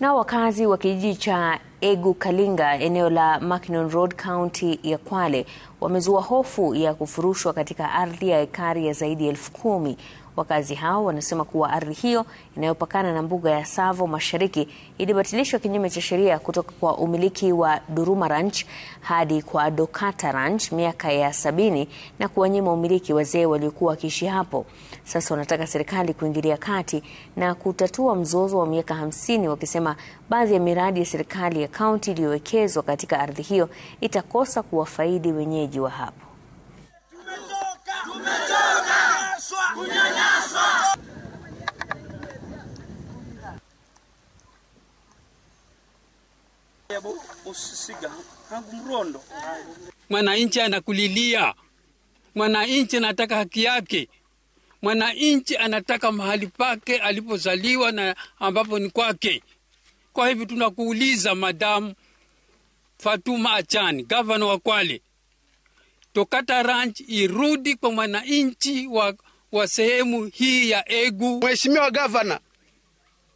Nao wakazi wa kijiji cha Egu Kalinga eneo la Mackinnon Road kaunti ya Kwale wamezua hofu ya kufurushwa katika ardhi ya ekari ya zaidi ya elfu kumi. Wakazi hao wanasema kuwa ardhi hiyo inayopakana na mbuga ya Tsavo Mashariki ilibatilishwa kinyume cha sheria kutoka kwa umiliki wa Duruma Ranch hadi kwa Dokata Ranch miaka ya sabini na kuwanyima umiliki wazee waliokuwa wakiishi hapo. Sasa wanataka serikali kuingilia kati na kutatua mzozo wa miaka hamsini, wakisema baadhi ya miradi ya serikali ya kaunti iliyowekezwa katika ardhi hiyo itakosa kuwafaidi wenyeji wenyeji wa hapo. Mwananchi anakulilia, mwananchi anataka haki yake, mwananchi anataka mahali pake alipozaliwa na ambapo ni kwake. Kwa hivyo tunakuuliza, madamu Fatuma Achani, gavana wa Kwale, Tokata Ranch irudi kwa mwananchi wa, wa sehemu hii ya Egu. Mheshimiwa Gavana,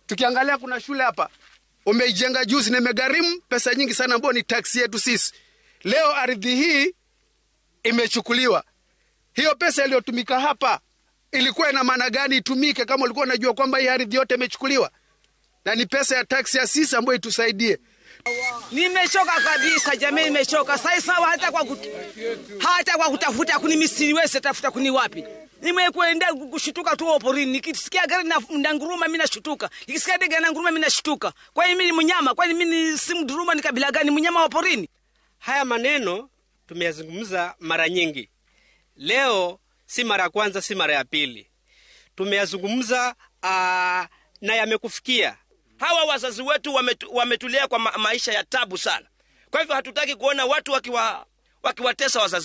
tukiangalia kuna shule hapa umeijenga juzi na imegharimu pesa nyingi sana, ambayo ni taksi yetu sisi. Leo ardhi hii imechukuliwa. Hiyo pesa iliyotumika hapa ilikuwa ina maana gani itumike, kama ulikuwa unajua kwamba hii ardhi yote imechukuliwa na ni pesa ya taksi ya sisi ambayo itusaidie? Nimechoka kabisa jamii, nimechoka sai sawa, hata kwa kutu, hata kwa kutafuta kuni misiri wese tafuta kuni wapi. Nimekuenda kushituka tu oporini, nikisikia gari na nguruma mimi nashutuka, nikisikia ndege na nguruma mimi nashutuka. Kwa hiyo mimi ni mnyama? Kwani mimi si mduruma? Ni kabila gani? Mnyama wa porini? Haya maneno tumeyazungumza mara nyingi leo, si mara ya kwanza, si mara ya pili, tumeyazungumza ah, na yamekufikia hawa wazazi wetu wametulia wametulea kwa maisha ya tabu sana. Kwa hivyo hatutaki kuona watu wakiwa wakiwatesa wazazi